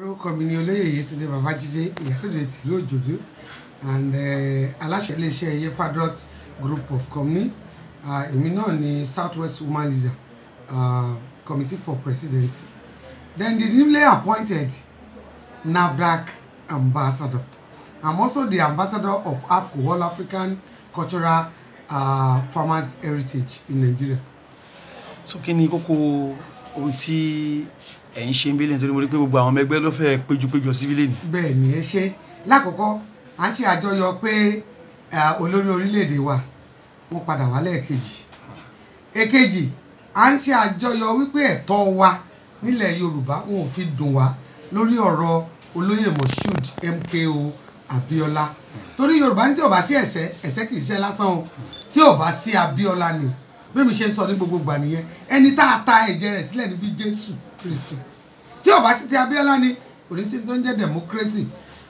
orúkọ mi ni olóyè Yétúndé Babájídé ìyálòdè tìlú Òjòdú and eh, aláṣẹ iléeṣẹ́ Yefadot group of company ah, èmi náà ni southwest woman leader uh, committee for presidency then the newly appointed NAFDAC ambassador I'm also the ambassador of AFCO All African Cultural uh, Farmers Heritage in Nigeria. so kí ni kókó ohun tí ẹ̀ ń ṣe ń bílẹ̀ nítorí mo rí pé gbogbo àwọn ọmọ ẹgbẹ́ ló fẹ́ péjúpéjọ sí bílẹ̀ ni. bẹ́ẹ̀ ni ẹ ṣe lákọ̀ọ́kọ́ à ń ṣe àjọyọ̀ pé olórí orílẹ̀-èdè wa wọ́n padà wá lẹ́ẹ̀kejì èkejì à ń ṣe àjọyọ̀ wípé ẹ̀tọ́ wa nílẹ̀ yorùbá wọn ò fi dùn wá lórí ọ̀rọ̀ olóyè moshood mko abiola torí yorùbá ní tí ò bá sí ẹ̀ṣẹ̀ ẹ̀ṣẹ̀ kì í ṣe lásán o tí ò bí mi ṣe ń sọ ní gbogbo ìgbà nìyẹn ẹni tá a ta ẹ̀jẹ̀ rẹ̀ sílẹ̀ ní Jésù Kristi tí ó bá sì ti Abíọ́lá ni kò ní sí tó ń jẹ́ democracy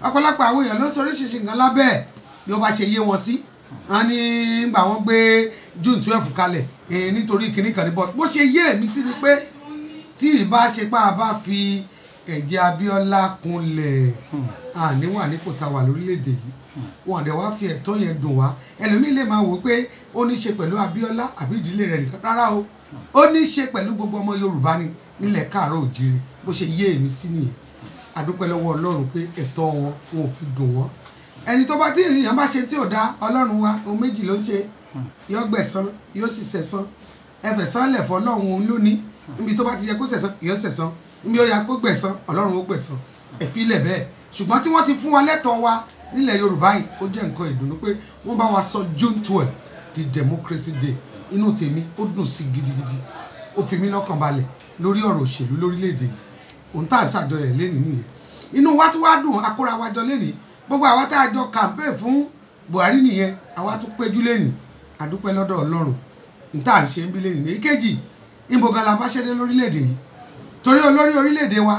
ọ̀pọ̀lọpọ̀ àwọn èèyàn ló ń sọ oríṣiríṣi nǹkan lábẹ́ ẹ̀ bí ó ṣe yé wọn sí wọn ní gbà wọn gbé June twelve kalẹ̀ nítorí kinní kan ní bọ́ọ̀lù bó ṣe yé èmi sí ni pé tí ìbá ṣe a bá fi ẹ̀jẹ̀ Abíọ́lá kunlẹ̀ àní wà nípò tá a wà lórílẹ̀‐èdè yìí wọn àdẹ̀ wá fi ẹ̀tọ́ yẹn dùn wá ẹlòmíín lè máa wò ó pé ó ní í ṣe pẹ̀lú Abíọ́lá àbí ìdílé rẹ̀ nìkan rárá o ó ní í ṣe pẹ̀lú gbogbo ọmọ Yorùbá ni nílẹ̀ káàárọ̀ òjìrì bó ṣe yé èmi sí nìyẹn àdúpẹ́ lọ́wọ́ Ọlọ́run pé ẹ̀tọ́ wọn wọn ò fi dùn wọ́n ẹni tó bá tí èèyàn bá ṣe tí ò dá Ọlọ́run wa ohun méjì ló ń ṣe yóò gbẹ̀san yóò sì ṣẹ̀san ẹfẹ̀ sánlẹ̀ fọ́ Ọlọ́run òun lónìí níbi tó bá ti yẹ kó ṣẹ̀san yóò ṣẹ̀san níbi ó yẹ kó gbẹ̀san Ọlọ́run ó gbẹ̀san ẹ̀fílẹ̀ bẹ́ẹ̀ ṣùgbọ́n tí wọ́n ti fún wa lẹ́tọ̀ọ́ wa nílẹ̀ yorùbá yìí ó jẹ́ nǹkan ìdùnnú pé wọ́n bá wa sọ june twelve di democracy day inú tèmi ó dùn sí gidigidi ó fi mí lọ́kàn balẹ̀ lórí ọ̀rọ̀ òṣèlú lórílẹ̀‐èdè yìí òun tá à ń ṣàjọyọ̀ lẹ́nìí nìyẹn inú wa tún wá dùn akóra wa jọ lẹ́nìí gbogbo àwa tá a jọ campaign fún buhari nìyẹn àwa tún péjú lẹ́nìí àdúpẹ́ lọ́dọ̀ ọlọ́run n tá à ń ṣe ń bí lẹ́nìí ní èkejì ìbògàn làbáṣẹ́dé lórílẹ̀‐èdè yìí torí olórí orílẹ̀‐èdè wa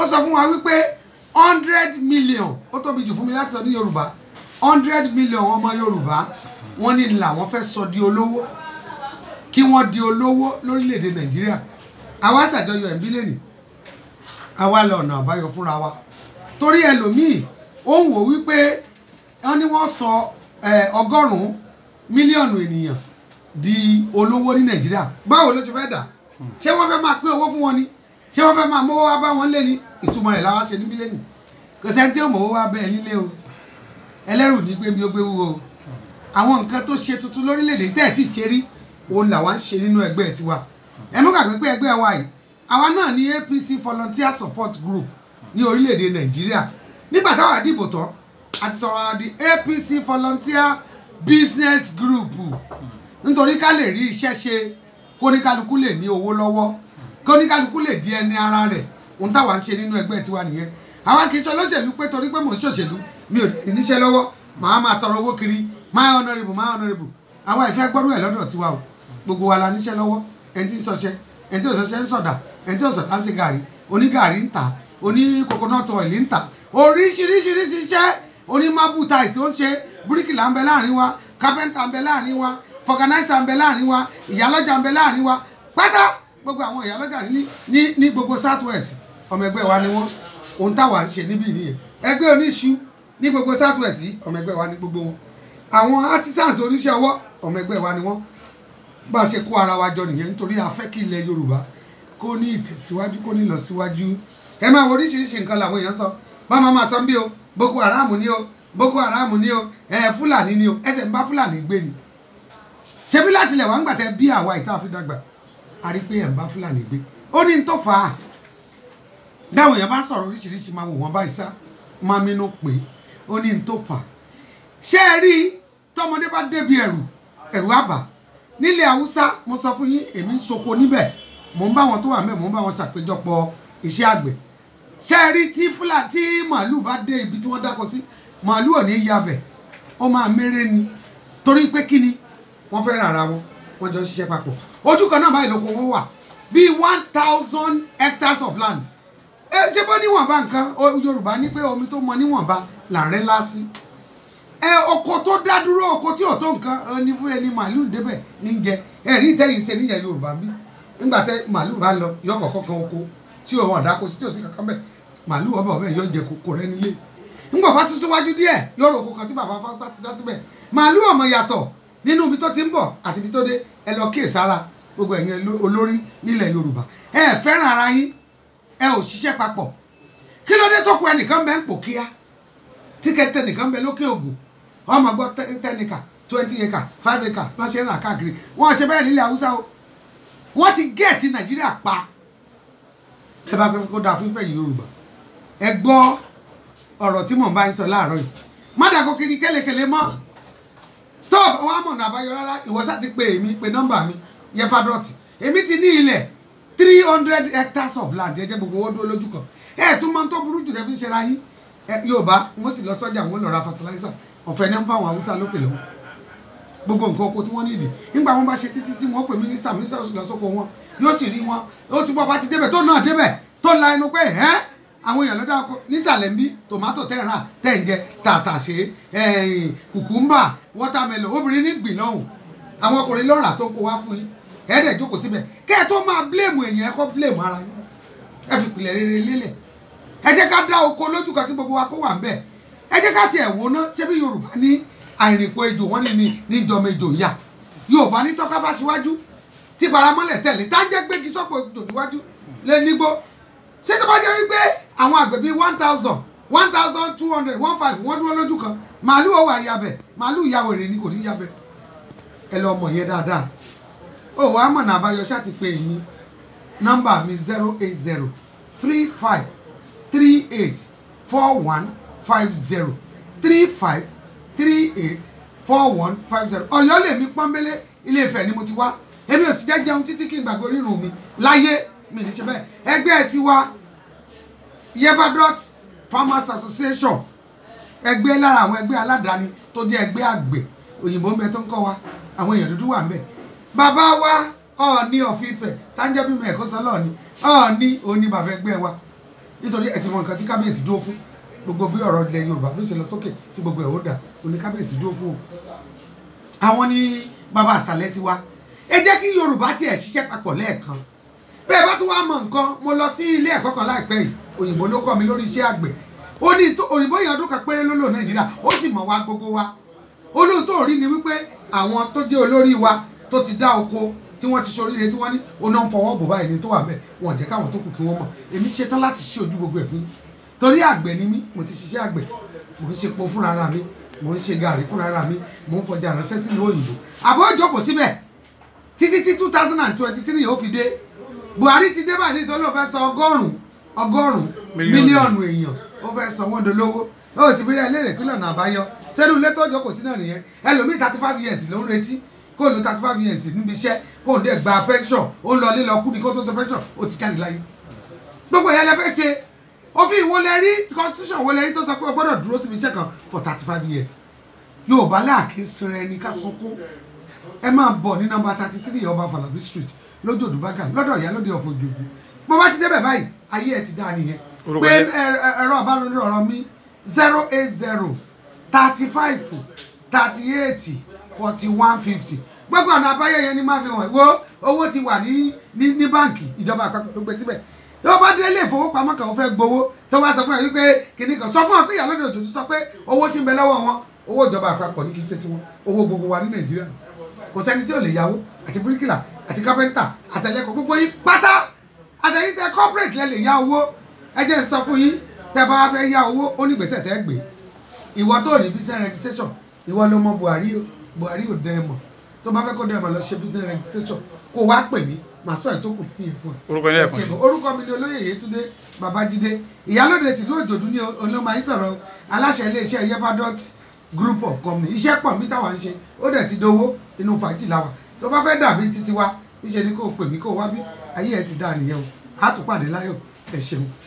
ó sọ fún wa wípé hundred million ó tóbi jù fún mi láti sọ ní yorùbá hundred million ọmọ yorùbá wọ́n ní làwọn fẹ́ sọ di olówó kí wọ́n di olówó lórílẹ̀‐èdè nàìjíríà àwa ṣàjọyọ̀ ẹ̀mí lẹ́nu àwa lọ ọ̀nà àbáyọ fúnra wa torí ẹlòmíì ó ń wò wípé wọ́n ní wọ́n sọ ọgọ́rùn-ún mílíọ̀nù ènìyàn di olówó ní nàìjíríà báwo ló ti fẹ́ dà ṣé wọ́n fẹ́ máa pín owó fún wọn ni ṣé wọ́n fẹ́ máa mówó wá bá wọn lé ni ìtumọ̀ rẹ̀ làwa ṣe níbí lẹ́nu kò sẹ́ni tí ó mọ̀ ó wá bẹ́ẹ̀ nílé o ẹlẹ́rù ní gbé mi ó gbé wúwo o àwọn nǹkan tó ṣe tuntun lórílẹ̀‐èdè tẹ́ ẹ̀ tí ì ṣe rí òun làwa ń ṣe nínú ẹgbẹ́ tiwa ẹ mú gbàgbé pé ẹgbẹ́ wa yìí àwa náà ní APC volunteer support group ní orílẹ̀‐èdè Nàìjíríà nígbà táwa dìbò tán àti sọ̀rọ̀ di APC volunteer business group nítorí ká lè rí iṣẹ́ ṣe kóníkálukú lè ní owó lọ́wọ́ kóníkálukú lè di ẹni ara rẹ̀ ohun táwa ń ṣe nínú ẹgbẹ́ tiwa nìyẹn àwa kì í ṣe olóṣèlú pé torí pé mò ń ṣòṣèlú mi ò dẹ̀ níṣẹ́ lọ́wọ́ màá máa tọrọ owó kiri máa honourable máa honourable àwa ìfẹ́ gbọ́dọ̀ ẹ̀ lọ́dọ̀ tiwa o gbogbo wa la níṣẹ́ lọ́wọ́ ẹni tí ń ṣọṣẹ ẹni tí òṣọṣẹ ń sọ̀dà ẹni tí òṣọ̀dà ń ṣe gàrí onígàrí ń tà oní coconut oil ń tà oríṣiríṣiríṣi iṣẹ́ onímábù táìsì ó ń ṣe bíríkìlà ń bẹ láàrin wa kápẹ́ńtà ń bẹ láàrin wa fọ̀gànáìsà ń bẹ láàrin wa ìyálọ́jà ń bẹ láàrin wa ọmọ ẹgbẹ́ wa ni wọ́n ohun táwa ń ṣe níbí nìyẹn ẹgbẹ́ oníṣu ní gbogbo southwest ọmọ ẹgbẹ́ wa ni gbogbo wọn àwọn artisans oníṣẹ́ ọwọ́ ọmọ ẹgbẹ́ wa ni wọ́n bá a ṣe kó ara wa jọ nìyẹn nítorí a fẹ́ kí ilẹ̀ yorùbá kó ní ìtẹ̀síwájú kó ní ìlọsíwájú ẹ máa wo oríṣiríṣi nǹkan làwọn èèyàn sọ bá máa máa sọ bí o boko haram ni o boko haram ni o ẹ fúlàní ni o ẹsẹ̀ ń bá fúlàní gbé ni ṣebí láti ilẹ̀ wá ń gbà tẹ bí àwa ìta fi dàgbà a rí pé ẹ̀ ń bá fúlàní gbé ó ní ń tọ́fà á dáwọn èèyàn bá sọ̀rọ̀ oríṣiríṣi máa wò wọ́n báyìí sá máa mínú pé ó ní n tó fà ṣé ẹ rí tọmọdé bá débi ẹ̀rù ẹ̀rù àbà nílẹ̀ haúsá mo sọ fún yín èmi ń soko níbẹ̀ mò ń bá wọn tó wà mẹ́ mò ń bá wọn ṣàpéjọpọ̀ iṣẹ́ àgbẹ̀ ṣé ẹ rí tí fúlà tí màálù bá dé ibi tí wọ́n dákọ sí màálù ò ní yabẹ̀ ó máa méré ni torí pé kí ni wọ́n fẹ́ ra ara wọn wọ́n jọ ṣiṣẹ́ papọ̀ ojú kan náà báyìí lóko wọn wà bíi one thousand hectares of land ẹ ṣe bọ́ níwọ̀nba nǹkan Yorùbá ní pé omi tó mọ níwọ̀nba là ń rẹ́ lásì ẹ oko tó dá dúró oko tí ò tó nǹkan ẹni fún ẹni màálù débẹ̀ ní jẹ ẹ rí ìtẹ́yìn ṣe níyẹn Yorùbá bí nígbà tẹ màálù bá lọ oko tí ọ̀dà kó sí tí ò sí kankan màálù ọbẹ̀ ọbẹ̀ yọ jẹ rẹ nílé nígbà bá oko kan tí bàbá fásá ti dá síbẹ̀ màálù ọmọ yàtọ̀ nínú ibi tó ti ń bọ̀ àti ibi tó dé ẹ lọ kíyèsára gbogbo ẹ̀yin olórí nílẹ̀ Yorùbá ẹ fẹ́ràn ẹ ò ṣiṣẹ́ papọ̀ kí ló dé tó kù ẹnìkan bẹ ń pò kíá o ma bẹ lókè ògùn ọmọ gbọ́ tẹ́nìkà twenty acre five acre wọ́n ṣe ń rà káàkiri wọ́n ṣe bẹ́ẹ̀ nílẹ̀ haúsá o wọ́n ti géètì nàìjíríà pa ẹ bá kó da fún ìfẹ̀yìn yorùbá ẹ gbọ́ ọ̀rọ̀ tí mò ń bá ń sọ láàárọ̀ yìí má kiri mọ́ ti pe èmi mi èmi ti ní three hundred hectares of land ẹ jẹ́ gbogbo owó dúró lójú kan ẹ tún máa ń tó burú jù tẹ́ fi ń ṣe ra yín Yorùbá wọ́n sì lọ sọ́jà wọ́n lọ ra fertilizer ọ̀fẹ́ náà ń fáwọn Haúsá lókè lọ́wọ́ gbogbo nǹkan oko tí wọ́n nídìí nígbà wọn bá ṣe títí tí wọ́n pè mínísítà mínísítà ó sì lọ sóko wọn yóò sì rí wọn ó ti bọ́ bá ti débẹ̀ tó náà débẹ̀ tó la ẹnu pé ẹ́ àwọn èèyàn lọ́dọ̀ ọkọ nísàlẹ̀ ń bí tòmátò tẹ́ra tẹ́ ń jẹ tàtàṣé kùkúmbà wọ́tàmẹ́lò obìnrin ní gbìn lọ́hùn àwọn ọkùnrin lọ́ra tó ń kó wá fún yín ẹ̀ẹ́dẹ̀ jókòó síbẹ̀ kẹ́ ẹ tó máa bílèmù èèyàn ẹ kọ́ bílèmù ara yín ẹ fi pìlẹ̀ rere lélẹ̀ ẹ jẹ́ ká dá oko lójú kan kí gbogbo wa kó wà ń bẹ̀ ẹ jẹ́ ká tiẹ̀ wò ná ṣé bí Yorùbá ní àìrìnpọ̀ ejò wọ́n ní ní níjọba ejò ìyá Yorùbá ní tọ́ka bá síwájú tí paramọ́lẹ̀ tẹ̀lé tá ń jẹ́ gbégi sọ́pọ̀ ejò níwájú lé nígbó ṣé tó bá jẹ́ wípé àwọn àgbẹ̀ bíi one thousand one thousand two hundred one five wọ́n dúró lójú kan màálù ọwọ́ àyàbẹ̀ màálù ìyàwó rẹ̀ ni kò ní yàbẹ̀ ẹ lọ mọ̀ yẹn dáadáa ó wàá mọ̀nà àbáyọ ṣáà ti pè yín nọ́mbà mi zero eight zero three five three eight four one five zero three five three eight four one five zero ọ̀yọ́ lèmi pọ́nbélé ilé Ifẹ̀ ni mo ti wá èmi ò sì jẹ́ jẹun títí kí n gbàgbé orírun mi láyé mi ní ṣe bẹ́ẹ̀ ẹgbẹ́ ti wá yevadot farmers association ẹgbẹ́ lára àwọn ẹgbẹ́ aládàáni tó jẹ́ ẹgbẹ́ àgbẹ̀ òyìnbó ń bẹ tó ń kọ́ wa àwọn èèyàn dúdú wà ń bẹ bàbá wa ọ̀ọ́ni ọ̀fífẹ̀ tájẹ́ bímọ ẹ̀kọ́ sọ lọ́ọ̀ni ọ̀ọ́ni òní bàbá ẹgbẹ́ wa nítorí ẹ̀sìn mọ nǹkan tí kábíyèsí dúró fún gbogbo bí ọ̀rọ̀ ilẹ̀ Yorùbá ló ṣe lọ sókè tí gbogbo ẹ̀ ó dà òní kábíyèsí dúró fún o àwọn ni bàbá àṣàlẹ̀ ti wa ẹ jẹ́ kí Yorùbá tiẹ̀ ṣiṣẹ́ papọ̀ lẹ́ẹ̀kan bẹ́ẹ̀ bá tún wá mọ nǹkan mo lọ sí ilé ẹ̀kọ́ kan láìpẹ́ yìí òyìnbó ló kọ́ mi lórí iṣẹ́ àgbẹ̀ ó ní òyìnbó yẹn ọdún kan péré ló Nàìjíríà ó sì mọ̀ wá gbogbo wa olóhùn tó rí ni wípé àwọn tó jẹ́ olórí wa tó ti dá oko tí wọ́n ti ṣoríire tí wọ́n ní oná ń fọwọ́ bò báyìí ni tó wà bẹ́ẹ̀ wọ́n jẹ́ káwọn tó kù kí wọ́n mọ̀ èmi ṣetán láti ṣe ojú gbogbo ẹ̀ fún yín torí àgbẹ̀ ni mí mo ti ṣiṣẹ́ àgbẹ̀ mo ń ṣepo fúnra ara mi mo ń ṣe gàrí fúnra ara mi mo ń fọjà ránṣẹ́ sílùú òyìnbó àbọ̀ ìjókòó síbẹ̀ títí tí two thousand and twenty three yóò fi dé Buhari ti dé báyìí nísìnyí ló fẹ́ sọ ọgọ́rùn-ún ọgọ́rùn-ún mílíọ̀nù èèyàn ó fẹ́ sọ wọ́n dolówó ó sì fi rí ẹlẹ́rìí pílọ̀nù àbáyọ sẹ́nu ilé tó jókòó sí náà nìyẹn ẹlòmíì thirty five years ló ń retí kó lo thirty five years níbi iṣẹ́ kó o dẹ̀ gba pension ó ń lọ lílọ kú ni kó tó sọ pension ó ti jáde láyé gbogbo ìyá lẹ ṣe òfin ìwọlẹ́rí constitution ìwọlẹ́rí tó sọ pé o gbọ́dọ̀ dúró síbi iṣẹ́ kan for thirty five years yorùbá láàkí sinra ẹni ká sunkún ẹ máa bọ̀ ní nọ́mbà thirty three ọba falabi street lójú òdùbágà lọ́dọ̀ ìyá lóde ọ̀fọ̀ òjòjú bó bá ti débẹ̀ báyìí ayé ẹ ti dá nìyẹn pé ẹ̀rọ àbálòrán zero eight zero thirty five thirty eight forty one fifty gbogbo ọ̀nà àbáyọ yẹn ni máa fi hàn wo owó ti wà ní ní báǹkì ìjọba àpapọ̀ tó gbé síbẹ̀ yóò bá délé ìfowópamọ́ kan fẹ́ gbowó tó bá sọ fún ẹ wípé kìnnì kan sọ fún ọ pé ìyàlóde òjòjú sọ pé owó ti ń bẹ lọ́wọ́ wọn owó ìjọba àpapọ̀ ní kí n ṣe tiwọn owó gbogbo wa ní nàìjíríà kò sẹ́ni tí ò lè yáwó àti bíríkìlà àti kápẹ́ńtà àtẹlẹ́kọ̀ gbogbo yín pátá àtẹ̀yìn corporate lẹ lè yá owó ẹ jẹ́ n sọ fún yín tẹ bá wá fẹ́ yá owó ó buhari ò dẹ́ ẹ mọ̀ tó bá fẹ́ kó dẹ́ ẹ mọ̀ lọ ṣe business registration kó wá pè mí màá sọ ètò kù fún yẹn fún ẹ orúkọ mi ni olóyè yétúndé babájídé ìyálóde tìlú òjòdú ní olóma ìsọ̀rọ̀ aláṣẹ iléeṣẹ́ yefadot group of company iṣẹ́ pọ̀ mí táwa ń ṣe ó dẹ̀ ti dowó inú fàájì làwà tó bá fẹ́ dàbí títí wa níṣẹ́ ni kò pè mí kó wá bí ayé ẹ ti dá nìyẹn o àtúpàdé láyọ̀ ẹ ṣeun.